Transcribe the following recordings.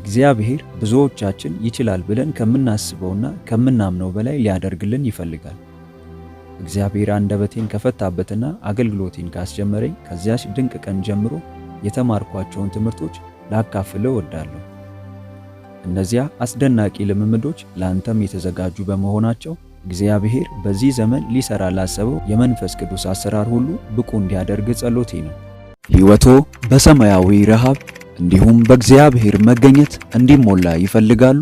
እግዚአብሔር ብዙዎቻችን ይችላል ብለን ከምናስበውና ከምናምነው በላይ ሊያደርግልን ይፈልጋል። እግዚአብሔር አንደበቴን ከፈታበትና አገልግሎቴን ካስጀመረኝ ከዚያች ድንቅ ቀን ጀምሮ የተማርኳቸውን ትምህርቶች ላካፍለው እወዳለሁ። እነዚያ አስደናቂ ልምምዶች ለአንተም የተዘጋጁ በመሆናቸው እግዚአብሔር በዚህ ዘመን ሊሰራ ላሰበው የመንፈስ ቅዱስ አሰራር ሁሉ ብቁ እንዲያደርግ ጸሎቴ ነው። ሕይወቶ በሰማያዊ ረሃብ እንዲሁም በእግዚአብሔር መገኘት እንዲሞላ ይፈልጋሉ?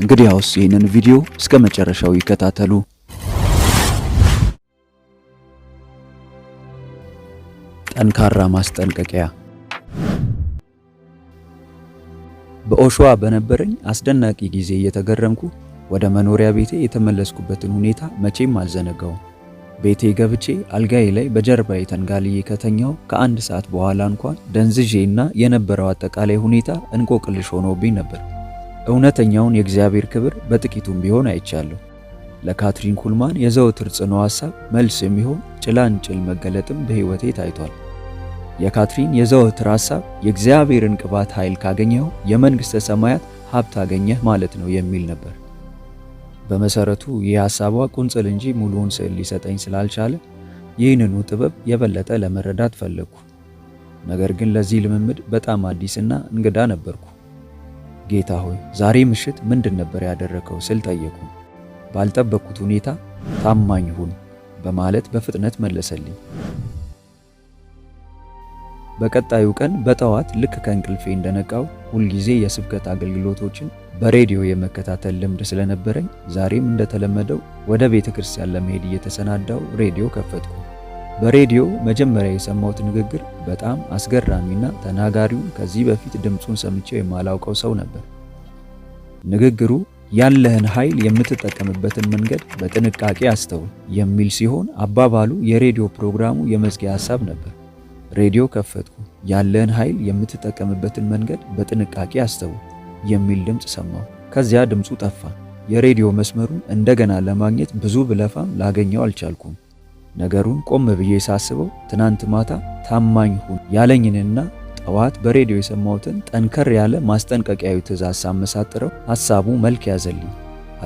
እንግዲያውስ ይህንን ቪዲዮ እስከ መጨረሻው ይከታተሉ። ጠንካራ ማስጠንቀቂያ። በኦሸዋ በነበረኝ አስደናቂ ጊዜ እየተገረምኩ ወደ መኖሪያ ቤቴ የተመለስኩበትን ሁኔታ መቼም አልዘነጋውም። ቤቴ ገብቼ አልጋዬ ላይ በጀርባዬ ተንጋልዬ ከተኛው ከአንድ ሰዓት በኋላ እንኳን ና የነበረው አጠቃላይ ሁኔታ እንቆቅልሽ ሆኖብኝ ነበር። እውነተኛውን የእግዚአብሔር ክብር በጥቂቱም ቢሆን አይቻለሁ። ለካትሪን ኩልማን የዘውትር ጽኑ ሐሳብ መልስ የሚሆን ጭላንጭል መገለጥም በሕይወቴ ታይቷል። የካትሪን የዘወትር ሐሳብ የእግዚአብሔርን ቅባት ኃይል ካገኘኸው የመንግሥተ ሰማያት ሀብት አገኘህ ማለት ነው የሚል ነበር። በመሰረቱ ይህ ሐሳቧ ቁንጽል እንጂ ሙሉውን ስዕል ሊሰጠኝ ስላልቻለ ይህንኑ ጥበብ የበለጠ ለመረዳት ፈለግኩ። ነገር ግን ለዚህ ልምምድ በጣም አዲስና እንግዳ ነበርኩ። ጌታ ሆይ ዛሬ ምሽት ምንድን ነበር ያደረከው ስል ጠየቁ። ባልጠበቅኩት ሁኔታ ታማኝ ሁን በማለት በፍጥነት መለሰልኝ። በቀጣዩ ቀን በጠዋት ልክ ከእንቅልፌ እንደነቃው ሁልጊዜ የስብከት አገልግሎቶችን በሬዲዮ የመከታተል ልምድ ስለነበረኝ ዛሬም እንደተለመደው ወደ ቤተ ክርስቲያን ለመሄድ እየተሰናዳው ሬዲዮ ከፈትኩ። በሬዲዮ መጀመሪያ የሰማሁት ንግግር በጣም አስገራሚና ተናጋሪው ከዚህ በፊት ድምፁን ሰምቼው የማላውቀው ሰው ነበር። ንግግሩ ያለህን ኃይል የምትጠቀምበትን መንገድ በጥንቃቄ አስተውል የሚል ሲሆን አባባሉ የሬዲዮ ፕሮግራሙ የመዝጊያ ሐሳብ ነበር። ሬዲዮ ከፈትኩ። ያለህን ኃይል የምትጠቀምበትን መንገድ በጥንቃቄ አስተውል የሚል ድምፅ ሰማሁ። ከዚያ ድምፁ ጠፋ። የሬዲዮ መስመሩን እንደገና ለማግኘት ብዙ ብለፋም ላገኘው አልቻልኩም። ነገሩን ቆም ብዬ ሳስበው ትናንት ማታ ታማኝ ሁን ያለኝንና ጠዋት በሬዲዮ የሰማሁትን ጠንከር ያለ ማስጠንቀቂያዊ ትእዛዝ ሳመሳጥረው ሐሳቡ መልክ ያዘልኝ።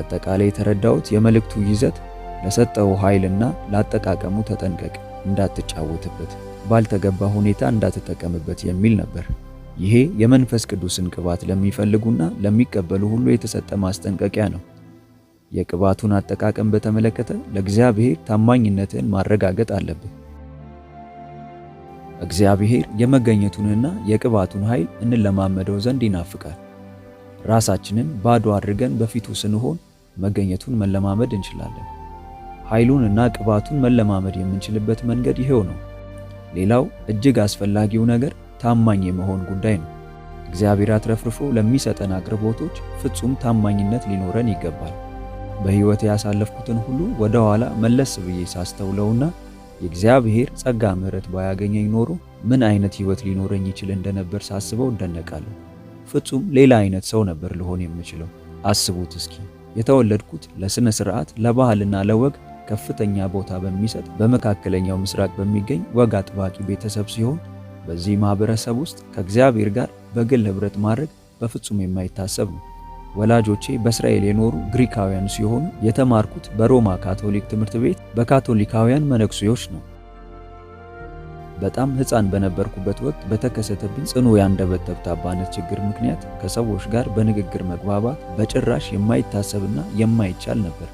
አጠቃላይ የተረዳሁት የመልእክቱ ይዘት ለሰጠው ኃይልና ላጠቃቀሙ ተጠንቀቅ፣ እንዳትጫወትበት፣ ባልተገባ ሁኔታ እንዳትጠቀምበት የሚል ነበር። ይሄ የመንፈስ ቅዱስን ቅባት ለሚፈልጉና ለሚቀበሉ ሁሉ የተሰጠ ማስጠንቀቂያ ነው። የቅባቱን አጠቃቀም በተመለከተ ለእግዚአብሔር ታማኝነትን ማረጋገጥ አለብህ። እግዚአብሔር የመገኘቱንና የቅባቱን ኃይል እንለማመደው ዘንድ ይናፍቃል። ራሳችንን ባዶ አድርገን በፊቱ ስንሆን መገኘቱን መለማመድ እንችላለን። ኃይሉን ቅባቱን መለማመድ የምንችልበት መንገድ ይሄው ነው። ሌላው እጅግ አስፈላጊው ነገር ታማኝ የመሆን ጉዳይ ነው። እግዚአብሔር አትረፍርፎ ለሚሰጠን አቅርቦቶች ፍጹም ታማኝነት ሊኖረን ይገባል። በሕይወት ያሳለፍኩትን ሁሉ ወደ ኋላ መለስ ብዬ ሳስተውለውና የእግዚአብሔር ጸጋ ምሕረት ባያገኘኝ ኖሮ ምን አይነት ሕይወት ሊኖረኝ ይችል እንደነበር ሳስበው እደነቃለሁ። ፍጹም ሌላ አይነት ሰው ነበር ልሆን የምችለው። አስቡት እስኪ የተወለድኩት ለሥነ ሥርዓት ለባህልና ለወግ ከፍተኛ ቦታ በሚሰጥ በመካከለኛው ምስራቅ በሚገኝ ወግ አጥባቂ ቤተሰብ ሲሆን በዚህ ማህበረሰብ ውስጥ ከእግዚአብሔር ጋር በግል ኅብረት ማድረግ በፍጹም የማይታሰብ ነው። ወላጆቼ በእስራኤል የኖሩ ግሪካውያን ሲሆኑ የተማርኩት በሮማ ካቶሊክ ትምህርት ቤት በካቶሊካውያን መነኩሴዎች ነው። በጣም ሕፃን በነበርኩበት ወቅት በተከሰተብኝ ጽኑ የአንደበት ጠብጣባነት ችግር ምክንያት ከሰዎች ጋር በንግግር መግባባት በጭራሽ የማይታሰብና የማይቻል ነበር።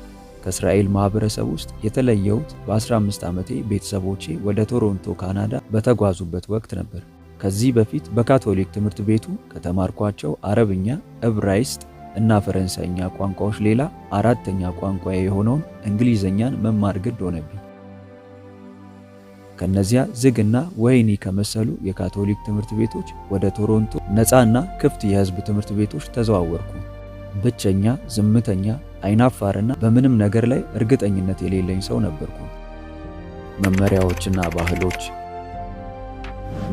ከእስራኤል ማህበረሰብ ውስጥ የተለየሁት በ15 ዓመቴ ቤተሰቦቼ ወደ ቶሮንቶ ካናዳ በተጓዙበት ወቅት ነበር። ከዚህ በፊት በካቶሊክ ትምህርት ቤቱ ከተማርኳቸው አረብኛ፣ ዕብራይስጥ እና ፈረንሳይኛ ቋንቋዎች ሌላ አራተኛ ቋንቋ የሆነውን እንግሊዝኛን መማር ግድ ሆነብኝ። ከነዚያ ዝግና ወህኒ ከመሰሉ የካቶሊክ ትምህርት ቤቶች ወደ ቶሮንቶ ነፃና ክፍት የህዝብ ትምህርት ቤቶች ተዘዋወርኩ። ብቸኛ፣ ዝምተኛ አይናፋርና በምንም ነገር ላይ እርግጠኝነት የሌለኝ ሰው ነበርኩ። መመሪያዎችና ባህሎች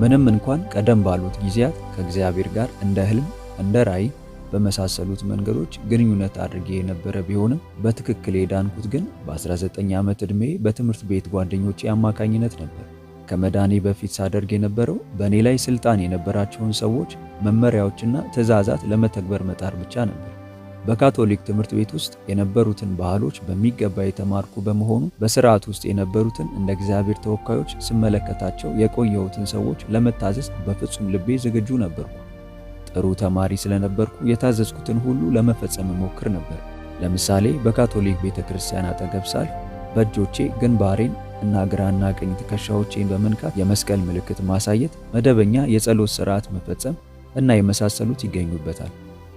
ምንም እንኳን ቀደም ባሉት ጊዜያት ከእግዚአብሔር ጋር እንደ ህልም፣ እንደ ራእይ በመሳሰሉት መንገዶች ግንኙነት አድርጌ የነበረ ቢሆንም በትክክል የዳንኩት ግን በ19 ዓመት ዕድሜ በትምህርት ቤት ጓደኞቼ አማካኝነት ነበር። ከመዳኔ በፊት ሳደርግ የነበረው በእኔ ላይ ስልጣን የነበራቸውን ሰዎች መመሪያዎችና ትእዛዛት ለመተግበር መጣር ብቻ ነበር። በካቶሊክ ትምህርት ቤት ውስጥ የነበሩትን ባህሎች በሚገባ የተማርኩ በመሆኑ በስርዓት ውስጥ የነበሩትን እንደ እግዚአብሔር ተወካዮች ስመለከታቸው የቆየሁትን ሰዎች ለመታዘዝ በፍጹም ልቤ ዝግጁ ነበርኩ። ጥሩ ተማሪ ስለነበርኩ የታዘዝኩትን ሁሉ ለመፈጸም ሞክር ነበር። ለምሳሌ በካቶሊክ ቤተ ክርስቲያን አጠገብ ሳልፍ በእጆቼ ግንባሬን እና ግራና ቀኝ ትከሻዎቼን በመንካት የመስቀል ምልክት ማሳየት፣ መደበኛ የጸሎት ስርዓት መፈጸም እና የመሳሰሉት ይገኙበታል።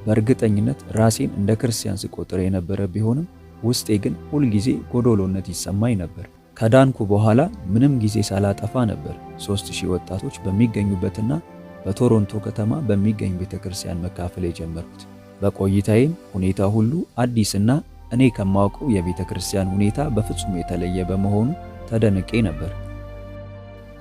በእርግጠኝነት ራሴን እንደ ክርስቲያን ስቆጥር የነበረ ቢሆንም ውስጤ ግን ሁልጊዜ ጎዶሎነት ይሰማኝ ነበር። ከዳንኩ በኋላ ምንም ጊዜ ሳላጠፋ ነበር ሶስት ሺህ ወጣቶች በሚገኙበትና በቶሮንቶ ከተማ በሚገኝ ቤተ ክርስቲያን መካፈል የጀመርኩት። በቆይታዬም ሁኔታ ሁሉ አዲስና እኔ ከማውቀው የቤተ ክርስቲያን ሁኔታ በፍጹም የተለየ በመሆኑ ተደንቄ ነበር።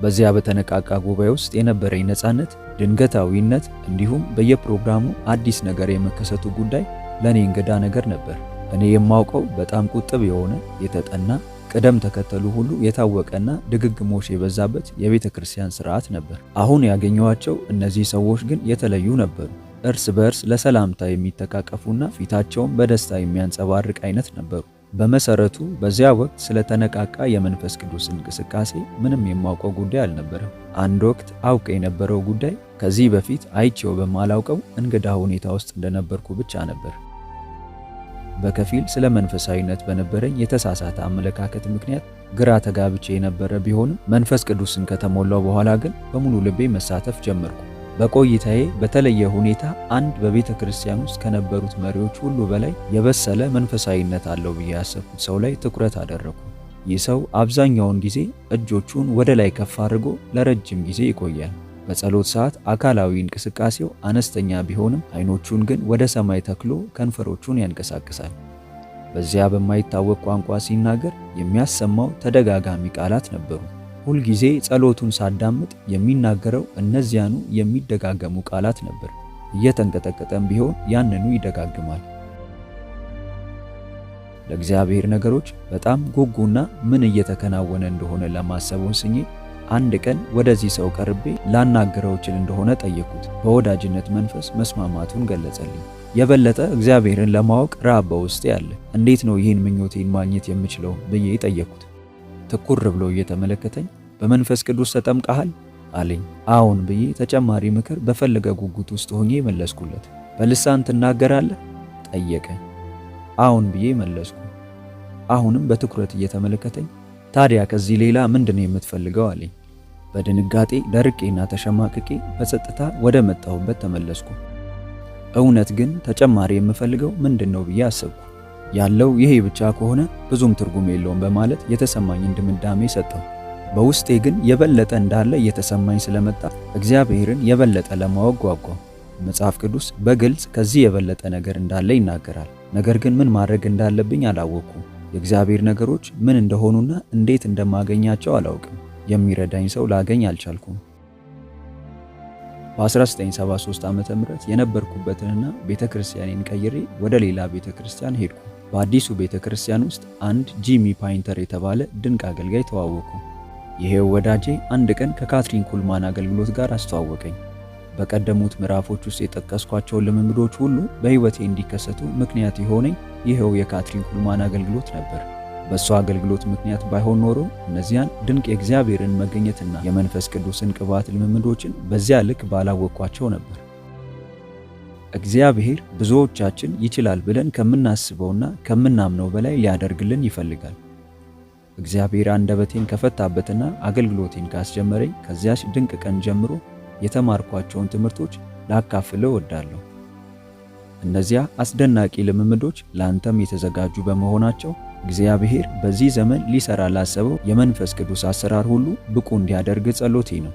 በዚያ በተነቃቃ ጉባኤ ውስጥ የነበረኝ ነፃነት ድንገታዊነት እንዲሁም በየፕሮግራሙ አዲስ ነገር የመከሰቱ ጉዳይ ለእኔ እንግዳ ነገር ነበር። እኔ የማውቀው በጣም ቁጥብ የሆነ የተጠና ቅደም ተከተሉ ሁሉ የታወቀና ድግግሞሽ የበዛበት የቤተ ክርስቲያን ስርዓት ነበር። አሁን ያገኘኋቸው እነዚህ ሰዎች ግን የተለዩ ነበሩ። እርስ በእርስ ለሰላምታ የሚተቃቀፉና ፊታቸውም በደስታ የሚያንጸባርቅ አይነት ነበሩ። በመሰረቱ በዚያ ወቅት ስለተነቃቃ የመንፈስ ቅዱስ እንቅስቃሴ ምንም የማውቀው ጉዳይ አልነበረም። አንድ ወቅት አውቅ የነበረው ጉዳይ ከዚህ በፊት አይቼው በማላውቀው እንግዳ ሁኔታ ውስጥ እንደነበርኩ ብቻ ነበር። በከፊል ስለ መንፈሳዊነት በነበረኝ የተሳሳተ አመለካከት ምክንያት ግራ ተጋብቼ የነበረ ቢሆንም መንፈስ ቅዱስን ከተሞላው በኋላ ግን በሙሉ ልቤ መሳተፍ ጀመርኩ። በቆይታዬ በተለየ ሁኔታ አንድ በቤተ ክርስቲያን ውስጥ ከነበሩት መሪዎች ሁሉ በላይ የበሰለ መንፈሳዊነት አለው ብዬ ያሰብኩት ሰው ላይ ትኩረት አደረኩ። ይህ ሰው አብዛኛውን ጊዜ እጆቹን ወደ ላይ ከፍ አድርጎ ለረጅም ጊዜ ይቆያል። በጸሎት ሰዓት አካላዊ እንቅስቃሴው አነስተኛ ቢሆንም አይኖቹን ግን ወደ ሰማይ ተክሎ ከንፈሮቹን ያንቀሳቅሳል። በዚያ በማይታወቅ ቋንቋ ሲናገር የሚያሰማው ተደጋጋሚ ቃላት ነበሩ። ሁልጊዜ ጸሎቱን ሳዳምጥ የሚናገረው እነዚያኑ የሚደጋገሙ ቃላት ነበር። እየተንቀጠቀጠም ቢሆን ያንኑ ይደጋግማል። ለእግዚአብሔር ነገሮች በጣም ጉጉና ምን እየተከናወነ እንደሆነ ለማሰብ ወስኜ አንድ ቀን ወደዚህ ሰው ቀርቤ ላናግረው እችል እንደሆነ ጠየቅኩት። በወዳጅነት መንፈስ መስማማቱን ገለጸልኝ። የበለጠ እግዚአብሔርን ለማወቅ ራብ በውስጤ አለ። እንዴት ነው ይህን ምኞቴን ማግኘት የምችለው ብዬ ጠየቅኩት። ትኩር ብሎ እየተመለከተኝ በመንፈስ ቅዱስ ተጠምቀሃል አለኝ። አዎን ብዬ ተጨማሪ ምክር በፈለገ ጉጉት ውስጥ ሆኜ መለስኩለት። በልሳን ትናገራለህ ጠየቀ አዎን ብዬ መለስኩ። አሁንም በትኩረት እየተመለከተኝ ታዲያ ከዚህ ሌላ ምንድን ነው የምትፈልገው አለኝ። በድንጋጤ ደርቄና ተሸማቅቄ በጸጥታ ወደ መጣሁበት ተመለስኩ። እውነት ግን ተጨማሪ የምፈልገው ምንድን ነው ብዬ አሰብኩ። ያለው ይሄ ብቻ ከሆነ ብዙም ትርጉም የለውም በማለት የተሰማኝን ድምዳሜ ሰጠው በውስጤ ግን የበለጠ እንዳለ እየተሰማኝ ስለመጣ እግዚአብሔርን የበለጠ ለማወቅ መጽሐፍ ቅዱስ በግልጽ ከዚህ የበለጠ ነገር እንዳለ ይናገራል። ነገር ግን ምን ማድረግ እንዳለብኝ አላወቅኩም። የእግዚአብሔር ነገሮች ምን እንደሆኑና እንዴት እንደማገኛቸው አላውቅም። የሚረዳኝ ሰው ላገኝ አልቻልኩም። በ1973 ም የነበርኩበትንና ቤተክርስቲያኔን ቀይሬ ወደ ሌላ ቤተክርስቲያን ሄድኩ። በአዲሱ ቤተ ክርስቲያን ውስጥ አንድ ጂሚ ፓይንተር የተባለ ድንቅ አገልጋይ ተዋወቁ። ይሄው ወዳጄ አንድ ቀን ከካትሪን ኩልማን አገልግሎት ጋር አስተዋወቀኝ። በቀደሙት ምዕራፎች ውስጥ የጠቀስኳቸውን ልምምዶች ሁሉ በሕይወቴ እንዲከሰቱ ምክንያት የሆነኝ ይኸው የካትሪን ኩልማን አገልግሎት ነበር። በእሷ አገልግሎት ምክንያት ባይሆን ኖሮ እነዚያን ድንቅ የእግዚአብሔርን መገኘትና የመንፈስ ቅዱስን ቅባት ልምምዶችን በዚያ ልክ ባላወቅኳቸው ነበር። እግዚአብሔር ብዙዎቻችን ይችላል ብለን ከምናስበውና ከምናምነው በላይ ሊያደርግልን ይፈልጋል። እግዚአብሔር አንደበቴን ከፈታበትና አገልግሎቴን ካስጀመረኝ ከዚያች ድንቅ ቀን ጀምሮ የተማርኳቸውን ትምህርቶች ላካፍለ እወዳለሁ። እነዚያ አስደናቂ ልምምዶች ለአንተም የተዘጋጁ በመሆናቸው እግዚአብሔር በዚህ ዘመን ሊሰራ ላሰበው የመንፈስ ቅዱስ አሰራር ሁሉ ብቁ እንዲያደርግ ጸሎቴ ነው።